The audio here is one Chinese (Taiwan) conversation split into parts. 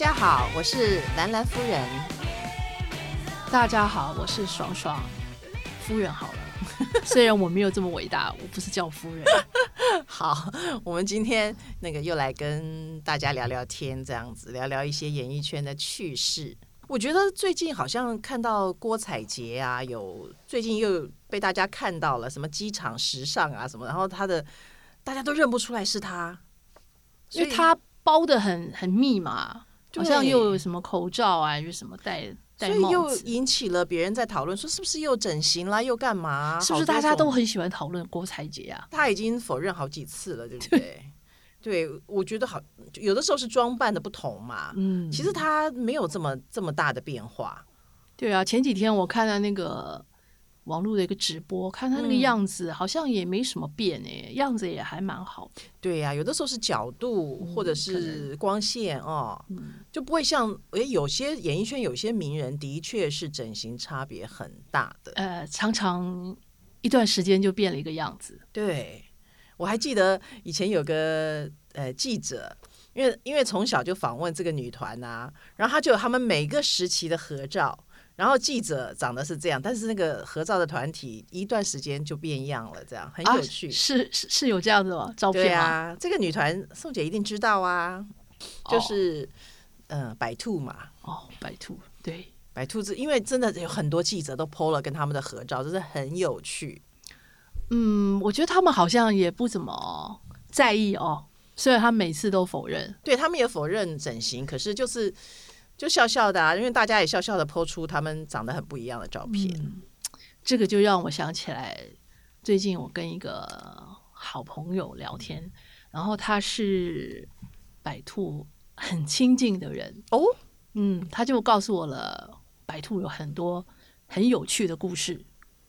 大家好，我是蘭蘭夫人。大家好，我是爽爽夫人。好了， 雖然我沒有這麼偉大，我不是叫夫人。 好，我們今天那個又來跟大家聊聊天，這樣子聊聊一些演藝圈的趣事。我覺得最近好像看到郭采潔啊，有最近又被大家看到了什麼機場時尚啊什麼，然後她的大家都認不出來是她，所以因為她包的很很密嘛。對好像又有什麼口罩啊，又什麼戴戴帽子。所以又引起了別人在討論，說是不是又整形了，又幹嘛？是不是大家都很喜歡討論郭采潔啊？他已經否認好幾次了，對不對？ 對，我覺得好，有的時候是裝扮的不同嘛。嗯， 其實他沒有這麼這麼大的變化。對啊，前幾天我看了那個。網絡的一個直播，看他那個樣子，好像也沒什麼變哎、欸，嗯、樣子也還蠻好的。對呀、啊，有的時候是角度、嗯、或者是光線可能哦，嗯、就不會像哎、欸，有些演藝圈有些名人的確是整形差別很大的。呃，常常一段時間就變了一個樣子。對，我還記得以前有個呃記者，因為因為從小就訪問這個女團啊，然後他就有他們每個時期的合照。然後記者長得是這樣，但是那個合照的團體一段時間就變樣了，這樣很有趣。啊、是是,是有這樣子嗎？照片啊，這個女團宋姐一定知道啊，就是、哦、呃，白兔嘛。哦，白兔。對，白兔子，因為真的有很多記者都 PO 了跟他們的合照，就是很有趣。嗯，我覺得他們好像也不怎麼在意哦，雖然他們每次都否認，對他們也否認整形，可是就是。就笑笑的，啊，因為大家也笑笑的，拋出他們長得很不一樣的照片，嗯。這個就讓我想起來，最近我跟一個好朋友聊天，嗯，然後他是白兔很親近的人哦，嗯，他就告訴我了白兔有很多很有趣的故事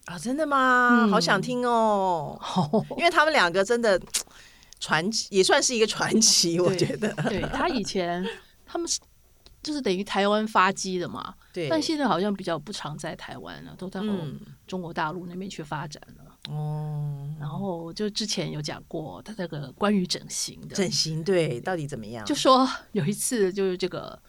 啊，真的嗎？嗯，好想聽哦， 因為他們兩個真的傳奇，也算是一個傳奇，啊，我覺得。對，他以前 他們是。就是等於台灣發跡的嘛，對但現在好像比較不常在台灣了，都在往中國大陸那邊去發展了。哦、嗯。然後就之前有講過他那個關於整形的，整形對、對到底怎麼樣？就說有一次就是這個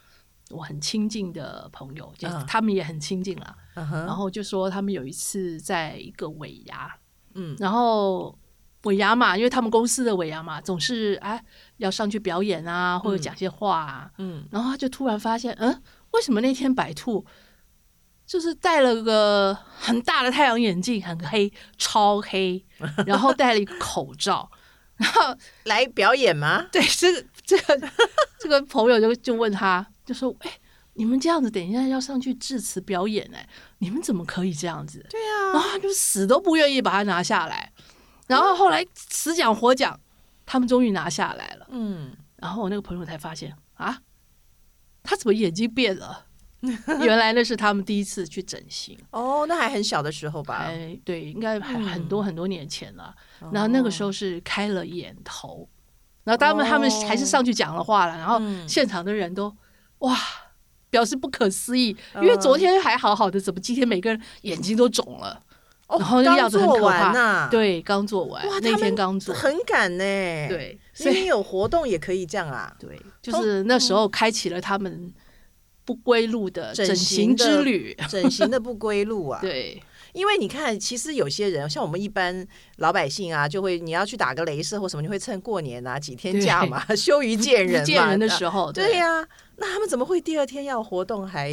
我很親近的朋友，嗯、就他們也很親近了、啊。嗯、然後就說他們有一次在一個尾牙，嗯，然後。尾牙嘛，因為他們公司的尾牙嘛，總是啊、哎、要上去表演啊，或者講些話、啊嗯。嗯，然後他就突然發現，嗯，為什麼那天白兔就是戴了個很大的太陽眼鏡，很黑，超黑，然後戴了一個口罩， 然後來表演嗎？對，這個這個這個朋友就就問他，就說：“哎，你們這樣子，等一下要上去致辭表演、欸，哎，你們怎麼可以這樣子？”對呀，啊，然後就死都不願意把它拿下來。然後後來死講活講，他們終於拿下來了。嗯，然後我那個朋友才發現啊，他怎麼眼睛變了？ 原來那是他們第一次去整形。哦，那還很小的時候吧？哎，對，應該還很多很多年前了。嗯、然後那個時候是開了眼頭，哦、然後他們他們還是上去講了話了。哦、然後現場的人都哇表示不可思議，嗯、因為昨天還好好的，怎麼今天每個人眼睛都腫了？然後那樣子很可怕，對，剛做完，哇，那天剛做很趕呢，對，明明有活動也可以這樣啊，對，就是那時候開啟了他們不歸路的整形之旅，整形的不歸路啊，對，因為你看，其實有些人像我們一般老百姓啊，就會你要去打個雷射或什麼，你會趁過年啊幾天假嘛，羞於見人嘛，見人的時候，對呀，那他們怎麼會第二天要活動還，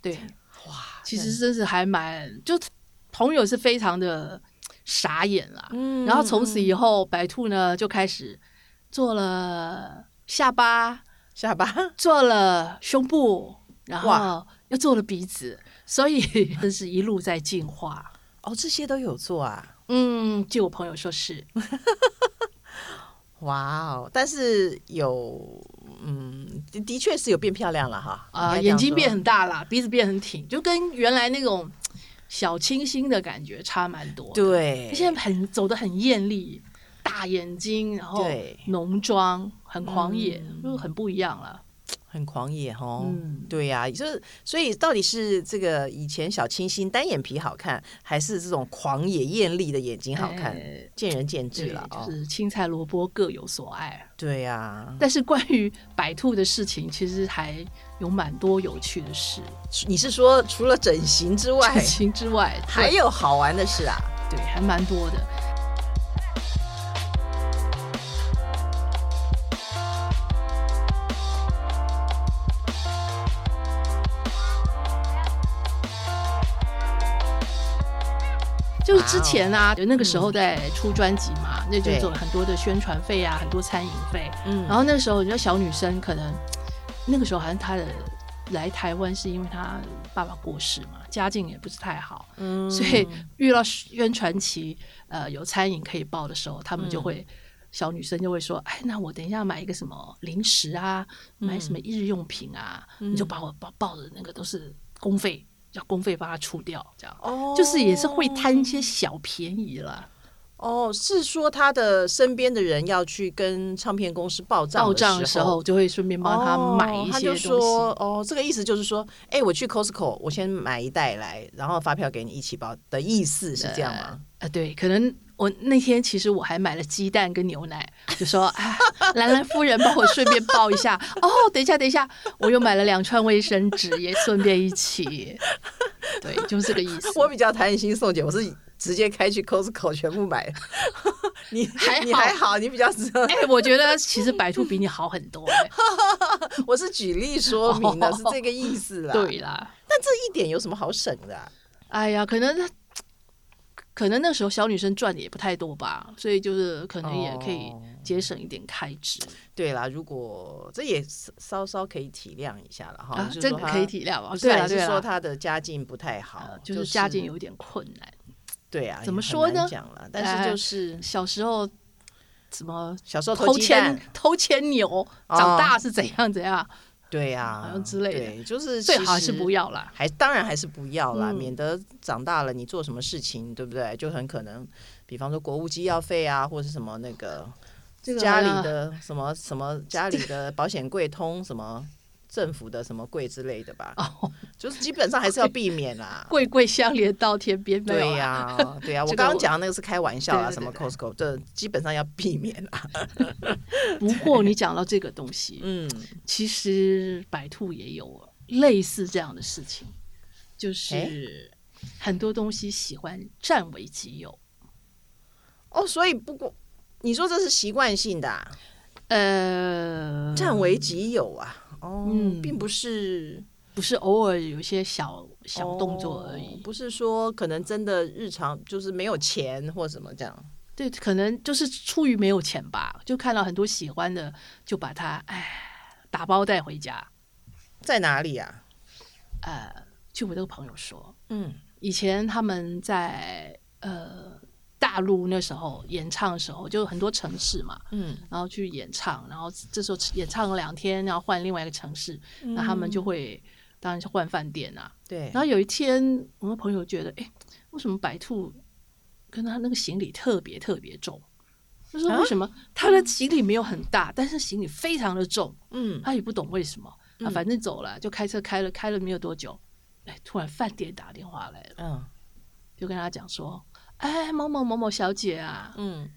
對，哇，其實真是還蠻就。朋友是非常的傻眼了，嗯、然後從此以後，嗯、白兔呢就開始做了下巴，下巴做了胸部，然後又做了鼻子，哇所以真是一路在進化。哦，這些都有做啊？嗯，據我朋友說是。 哇哦！但是有，嗯，的確是有變漂亮了哈。啊、呃，眼睛變很大了，鼻子變很挺，就跟原來那種。小清新的感覺差蠻多，對，現在很走得很艷麗，大眼睛，然後濃妝，對很狂野，就、嗯嗯、很不一樣了。很狂野哦，嗯、對呀、啊，就是所以到底是這個以前小清新單眼皮好看，還是這種狂野豔麗的眼睛好看？哎、見仁見智了、哦，就是青菜蘿蔔各有所愛。對呀、啊，但是關於白兔的事情，其實還有蠻多有趣的事。你是說除了整形之外，整形之外還有好玩的事啊？對，還蠻多的。之前啊，就那個時候在出專輯嘛，嗯、那就做了很多的宣傳費啊，對很多餐飲費。嗯，然後那個時候你知道小女生可能，那個時候好像她的來台灣是因為她爸爸過世嘛，家境也不是太好，嗯，所以遇到宣傳期，呃，有餐飲可以報的時候，他們就會、嗯、小女生就會說，哎，那我等一下買一個什麼零食啊，買什麼一日用品啊，嗯、你就把我報報的那個都是公費。要公費幫他出掉，這樣，哦。就是也是會貪一些小便宜了。哦，是說他的身邊的人要去跟唱片公司報賬，報賬的時候就會順便幫他買一些東西。哦。他就說，哦，這個意思就是說，哎、欸，我去 Costco，我先買一袋來，然後發票給你一起報，的意思是這樣嗎？啊、呃，對，可能我那天其實我還買了雞蛋跟牛奶，就說，啊、哎，蘭蘭夫人幫我順便報一下。 哦，等一下，等一下，我又買了兩串衛生紙，也順便一起。對，就是這個意思。 我比較貪心，宋姐，我是直接開去 Costco 全部買。 你還好你還好，你比較知道。哎、 欸，我覺得其實白兔比你好很多、欸。 我是舉例說明的，是這個意思啦。Oh, 對啦，但這一點有什麼好省的、啊？哎呀，可能可能那時候小女生賺的也不太多吧，所以就是可能也可以。Oh. 節省一點開支，對啦。如果這也稍稍可以體諒一下了哈，這個可以體諒。對啊，就是說他的家境不太好，就是家境有點困難。對啊，怎麼說呢？但是就是小時候怎麼小時候偷錢偷錢牛，長大是怎樣怎樣？對啊，好之類的，就是最好還是不要啦。還當然還是不要啦，免得長大了你做什麼事情，對不對？就很可能，比方說國務機要費啊，或是什麼那個。家裡的什麼什麼，家裡的保險櫃通什麼政府的什麼櫃之類的吧，就是基本上還是要避免啦。櫃櫃相連到天邊，對呀、啊、對呀、啊。我剛剛講的那個是開玩笑啊。什麼 Costco，這基本上要避免啦、啊。不過你講到這個東西，嗯，其實白兔也有類似這樣的事情，就是很多東西喜歡占為己有。哦，所以不過。你說這是習慣性的，啊，呃，占為己有啊，哦，嗯，並不是，不是偶爾有一些小小動作而已，哦，不是說可能真的日常就是沒有錢或什麼這樣，對，可能就是出於沒有錢吧，就看到很多喜歡的，就把它哎打包帶回家，在哪裡啊？呃，就我那個朋友說，嗯，以前他們在呃。大陸那時候演唱的時候，就很多城市嘛，嗯，然後去演唱，然後這時候演唱了兩天，然後換另外一個城市，嗯、那他們就會當然是換飯店啊，對。然後有一天，我們朋友覺得，哎，為什麼白兔跟他那個行李特別特別重？啊、他說為什麼他的行李沒有很大，但是行李非常的重？嗯，他也不懂為什麼，啊、嗯，他反正走了，就開車開了開了沒有多久，哎，突然飯店打電話來了，嗯，就跟他講說。哎，某某某某小姐啊，嗯，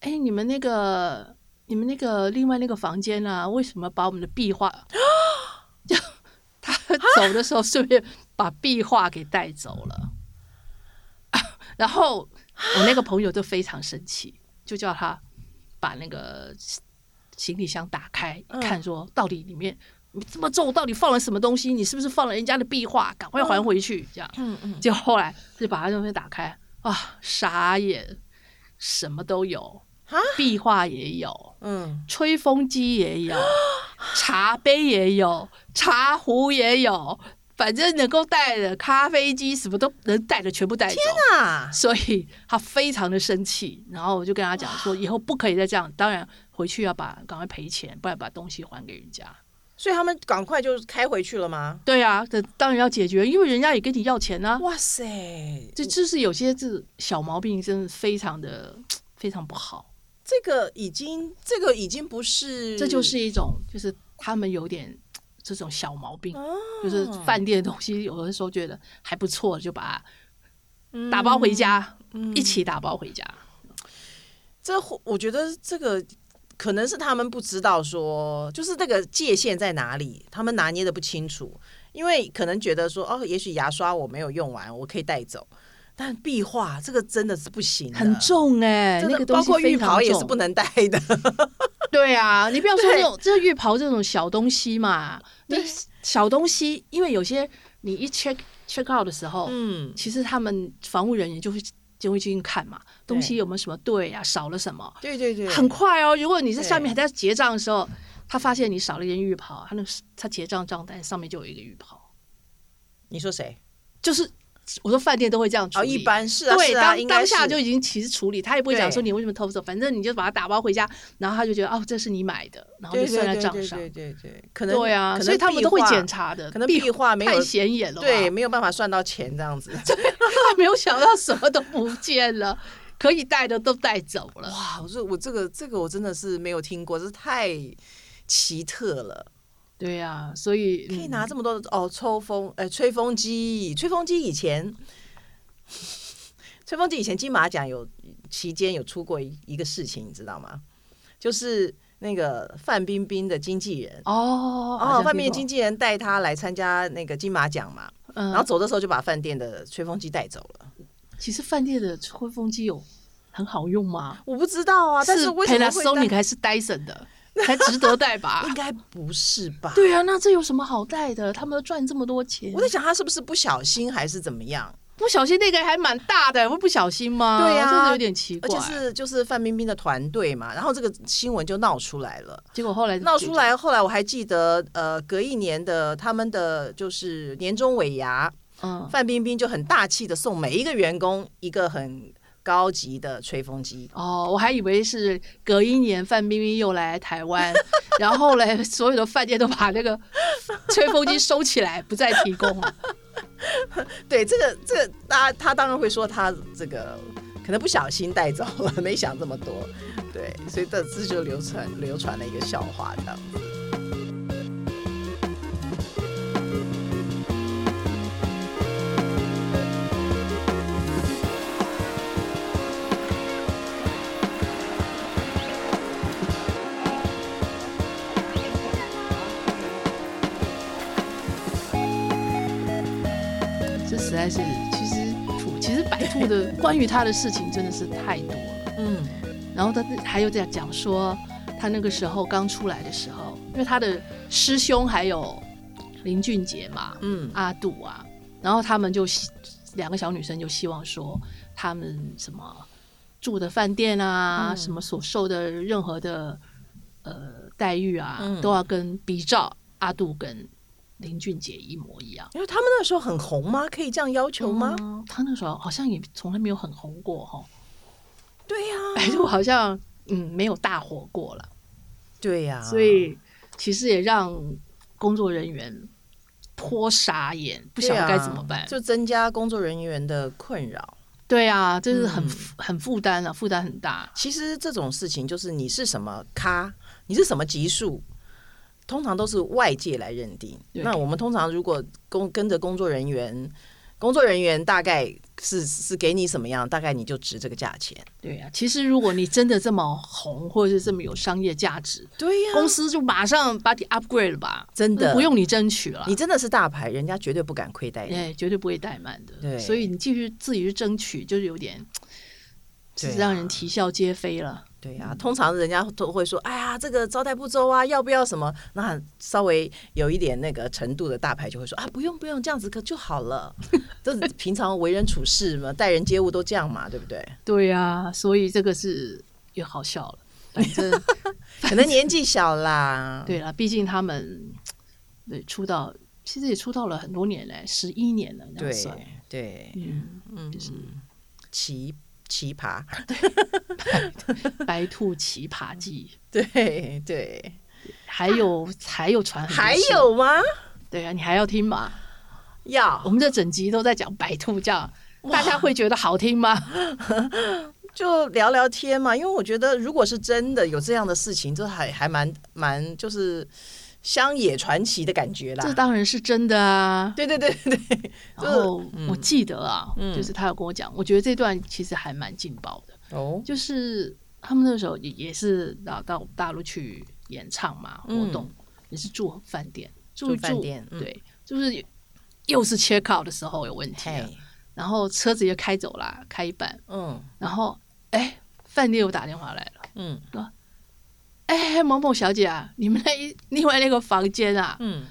哎，你們那個、你們那個另外那個房間啊，為什麼把我們的壁畫？ 就他走的時候順便把壁畫給帶走了。 啊、然後我那個朋友就非常生氣， 就叫他把那個行李箱打開，嗯、看說到底裡面你這麼重，到底放了什麼東西？你是不是放了人家的壁畫？趕快還回去！嗯、這樣，嗯嗯，就後來就把他東西打開。啊，傻眼，什麼都有，壁畫也有，啊、吹風機也有，嗯、茶杯也有，茶壺也有，反正能夠帶的咖啡機什麼都能帶的，全部帶走。天吶、啊！所以他非常的生氣，然後我就跟他講說，以後不可以再這樣。哇當然，回去要把趕快賠錢，不然把東西還給人家。所以他們趕快就開回去了嗎？對呀，啊，這當然要解決，因為人家也跟你要錢呢，啊。哇塞，這這是有些這小毛病，真的非常的非常不好。這個已經，這個已經不是，這就是一種，就是他們有點這種小毛病。哦，就是飯店的東西，有的時候覺得還不錯，就把它打包回家，嗯嗯，一起打包回家。這我覺得這個。可能是他們不知道說，就是那個界限在哪裡，他們拿捏的不清楚。因為可能覺得說，哦，也許牙刷我沒有用完，我可以帶走。但壁畫這個真的是不行的，很重哎、欸，的那個東西包括浴袍也是不能帶的。 對啊，你不要說那種，對這浴袍這種小東西嘛，那對小東西，因為有些你一 check check out 的時候，嗯，其實他們房務人員，就會。就會進去看嘛，東西有沒有什麼對呀、啊，對，少了什麼？對對對，很快哦。如果你在下面還在結賬的時候，對他發現你少了一件浴袍，他那個他結賬賬單上面就有一個浴袍。你說誰？就是。我說飯店都會這樣處理，哦、一般是、啊、對，是啊、當當下就已經其實處理，他也不會講說你為什麼偷走，對反正你就把它打包回家，然後他就覺得哦，這是你買的，然後就算在賬上，對對對，對，對對對，可能對啊，所以他們都會檢查的，可能壁畫太顯眼了，對，沒有辦法算到錢這樣子，他沒有想到什麼都不見了， 可以帶的都帶走了，哇，我說我這個這個我真的是沒有聽過，這太奇特了。對呀、啊，所以、嗯、可以拿這麼多的哦，抽風誒、欸，吹風機，吹風機以前，吹風機以前金馬獎有期間有出過一個事情，你知道嗎？就是那個范冰冰的經紀人哦哦，哦啊、范冰冰經紀人帶她來參加那個金馬獎嘛，嗯、然後走的時候就把飯店的吹風機帶走了。其實飯店的吹風機有很好用嗎？我不知道啊，但是 Panasonic，你還是 Dyson 的。還值得帶吧？ 應該不是吧？對啊，那這有什麼好帶的？他們都賺這麼多錢。我在想，他是不是不小心還是怎麼樣？不小心那個還蠻大的，會不，不小心嗎？對呀、啊，真的有點奇怪。而且是就是范冰冰的團隊嘛，然後這個新聞就鬧出來了。結果後來鬧出來，後來我還記得，呃，隔一年的他們的就是年終尾牙，嗯，范冰冰就很大氣的送每一個員工一個很。高級的吹風機哦，我還以為是隔一年范冰冰又來台灣， 然後嘞所有的飯店都把那個吹風機收起來，不再提供了。 對，這個這個，他他當然會說他這個可能不小心帶走了，沒想這麼多。對，所以這次就流傳流傳了一個笑話的。關於他的事情真的是太多了，嗯，然後他還有在講說，他那個時候剛出來的時候，因為他的師兄還有林俊杰嘛，嗯，阿杜啊，然後他們就兩個小女生就希望說，他們什麼住的飯店啊，嗯、什麼所受的任何的呃待遇啊，嗯、都要跟比照阿杜跟。林俊傑一模一樣，因為他們那時候很紅嗎？可以這樣要求嗎？嗯、他那時候好像也從來沒有很紅過，哈、啊，對呀，哎，就好像嗯，沒有大火過了。對呀、啊，所以其實也讓工作人員頗傻眼，啊、不曉得該怎麼辦，就增加工作人員的困擾。對啊，這、就是很、嗯、很負擔啊，負擔很大。其實這種事情就是你是什麼咖，你是什麼級數。通常都是外界來認定。對那我們通常如果工跟着工作人員，對工作人員大概是是給你什麼樣，大概你就值這個價錢。對呀、啊，其實如果你真的這麼紅， 或者是這麼有商業價值，對呀、啊，公司就馬上把你 upgrade 了吧，真的不用你爭取了。你真的是大牌，人家絕對不敢虧待你，對，絕對不會怠慢的。對，所以你繼續自己去爭取，就是有點，只是讓人啼笑皆非了。對呀、啊，通常人家都會說：“哎呀，這個招待不周啊，要不要什麼？”那稍微有一點那個程度的大牌就會說：“啊，不用不用，這樣子可就好了。”這 平常為人處事嘛，待人接物都這樣嘛，對不對？對呀、啊，所以這個是又好笑了。反正可能年紀小啦， 對啦、啊，畢竟他們對出道其實也出道了很多年了，十一年了，對，對，嗯嗯，嗯嗯就是。奇葩 對白，白兔奇葩記， 對對，還有、啊、還有傳，還有嗎？對啊，你還要聽嗎？要，我們這整集都在講白兔，叫哇大家會覺得好聽嗎？ 就聊聊天嘛，因為我覺得如果是真的有這樣的事情就，這還還蠻蠻就是。鄉野傳奇的感覺啦，這當然是真的啊！對對對對，然後我記得啊，就是他有跟我講，我覺得這段其實還蠻勁爆的哦。就是他們那時候也也是到到大陸去演唱嘛，活動也是住飯店，住飯店，對，就是又是 check out 的時候有問題，然後車子又開走啦，啊，開一半，嗯，然後哎，飯店又打電話來了，嗯。哎，某某小姐啊，你們那一另外那個房間啊，嗯，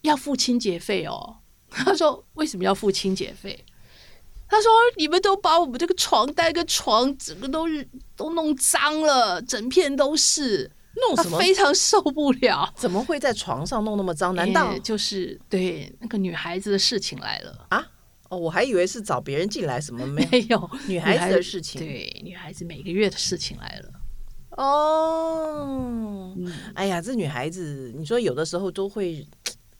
要付清潔費哦。他說為什麼要付清潔費？他說你們都把我們這個床單、跟床整個都都弄髒了，整片都是。弄什麼？非常受不了。怎麼會在床上弄那麼髒？難道、欸、就是對那個女孩子的事情來了啊？哦，我還以為是找別人進來什麼沒有？女孩子的事情，對，女孩子每個月的事情來了。哦，oh, 哎呀，這女孩子，你說有的時候都會，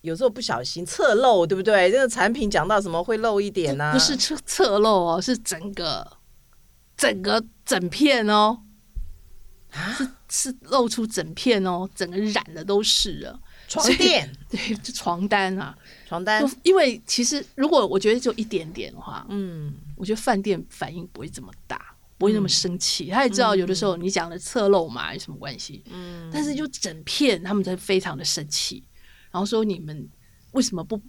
有時候不小心側漏，對不對？這個產品講到什麼會漏一點呢？啊？不是側側漏哦，是整個、整個整片哦蛤是，是露出整片哦，整個染的都是啊。床墊對，這床單啊，床單，因為其實如果我覺得就一點點的話，嗯，我覺得飯店反應不會這麼大。不會那麼生氣，嗯、他也知道有的時候你講的側漏嘛、嗯、有什麼關係？嗯，但是就整片他們才非常的生氣，然後說你們為什麼不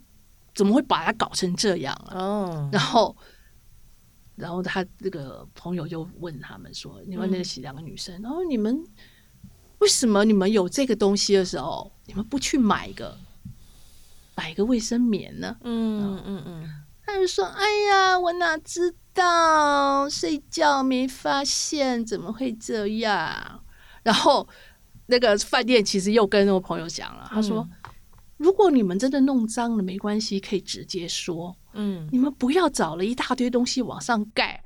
怎麼會把它搞成這樣啊？哦，然後然後他這個朋友就問他們說：“嗯、你們那些兩個女生，然後你們為什麼你們有這個東西的時候，你們不去買一個買一個衛生棉呢？”嗯嗯嗯嗯，然後嗯嗯他就說：“哎呀，我哪知道？”到睡覺沒發現，怎麼會這樣？然後那個飯店其實又跟我朋友講了，他說：“如果你們真的弄髒了，沒關係，可以直接說。嗯，你們不要找了一大堆東西往上蓋，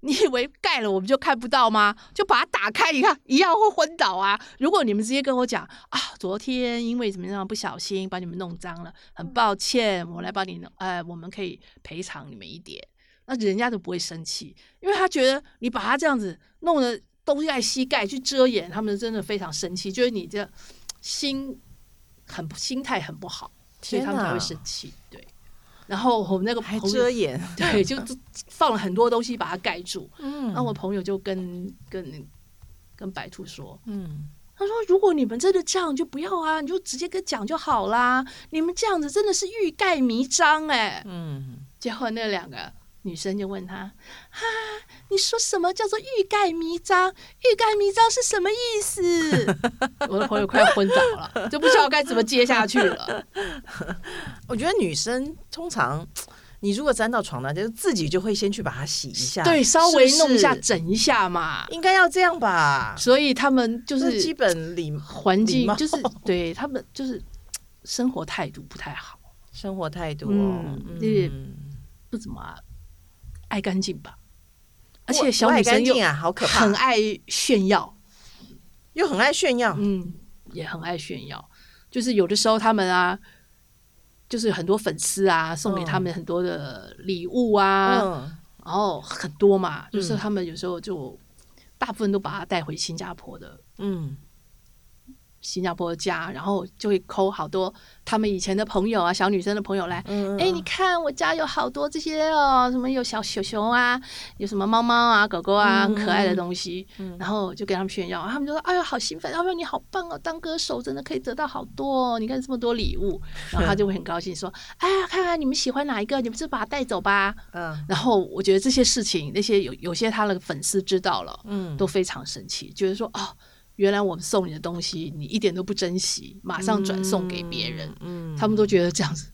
你以為蓋了我們就看不到嗎？就把它打開，你看一樣會昏倒啊！如果你們直接跟我講啊，昨天因為怎麼樣不小心把你們弄髒了，很抱歉，我來幫你弄，哎，我們可以賠償你們一點。”那人家都不會生氣，因為他覺得你把他這樣子弄得東蓋西蓋去遮掩，他們真的非常生氣，覺得你這心很心態很不好，哪所以他們才會生氣。對，然後我們那個朋友還遮掩，對，就放了很多東西把它蓋住。嗯，那我朋友就跟跟跟白兔說，嗯，他說如果你們真的這樣，就不要啊，你就直接跟講就好啦。你們這樣子真的是欲蓋彌彰欸。嗯，結果那兩個。女生就問他：“哈、啊，你說什麼叫做欲蓋彌彰？欲蓋彌彰是什麼意思？” 我的朋友快昏倒了，就不知道該怎麼接下去了。 我覺得女生通常，你如果粘到床單，就自己就會先去把它洗一下，對，稍微弄一下、整一下嘛，是是應該要這樣吧。所以他們就是，是基本禮貌環境就是對他們就是生活態度不太好，生活態度、哦嗯、就是、嗯、不怎麼、啊。愛乾淨吧，我而且小女生又不愛乾淨啊，好可怕，很愛炫耀，又很愛炫耀，嗯，也很愛炫耀。就是有的時候他們啊，就是很多粉絲啊，嗯、送給他們很多的禮物啊，嗯、然後很多嘛，嗯、就是他們有時候就大部分都把他帶回新加坡的，嗯。新加坡的家，然後就會摳好多他們以前的朋友啊，小女生的朋友來，哎、嗯嗯哦，欸、你看我家有好多這些哦，什麼有小熊熊啊，有什麼貓貓啊、狗狗啊，可愛的東西，嗯嗯然後就跟他們炫耀，他們就說：“哎呦，好興奮！哎呦，你好棒哦，當歌手真的可以得到好多哦，你看這麼多禮物。是”然後他就會很高興說：“哎呀，看看你們喜歡哪一個，你們就把它帶走吧。”嗯，然後我覺得這些事情，那些有有些他的粉絲知道了，嗯，都非常生氣，嗯、覺得說：“哦。”原來我們送你的東西，你一點都不珍惜，馬上轉送給別人。嗯嗯、他們都覺得這樣子，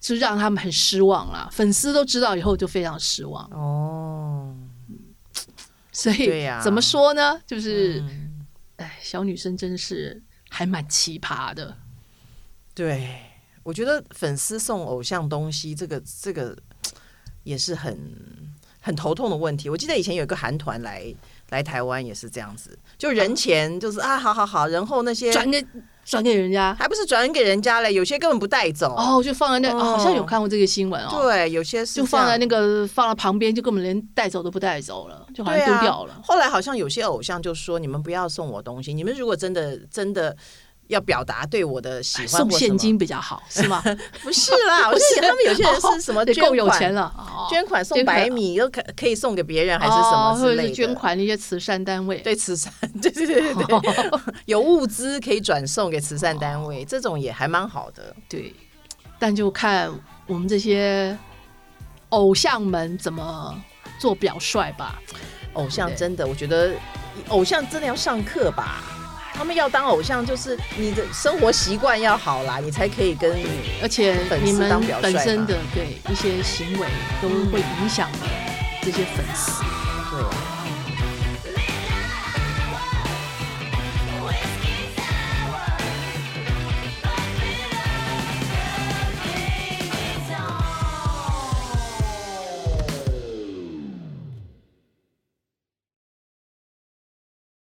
就讓他們很失望啦。粉絲都知道以後就非常失望哦。所以，對啊、怎麼說呢？就是，哎、嗯，小女生真是還蠻奇葩的。對，我覺得粉絲送偶像東西，這個這個也是很很頭痛的問題。我記得以前有一個韓團來。來台灣也是這樣子，就人前就是啊，啊，好好好，然後那些轉給轉給人家，還不是轉給人家嘞？有些根本不帶走，哦，就放在那，哦，好像有看過這個新聞哦。對，有些是就放在那個，放在旁邊，就根本連帶走都不帶走了，就好像丟掉了。啊，後來好像有些偶像就說：“你們不要送我東西，你們如果真的真的。”要表達對我的喜歡，送現金比較好是嗎？不是啦，我覺得他們有些人是什麼捐款了，捐款送白米，又可可以送給別人還是什麼之類的？捐款那些慈善單位，對慈善，對對對對，有物資可以轉送給慈善單位，這種也還蠻好的。對，但就看我們這些偶像們怎麼做表率吧。偶像真的，我覺得偶像真的要上課吧。他們要當偶像，就是你的生活習慣要好啦，你才可以跟粉，而且你們本身的對一些行為都會影響這些粉絲。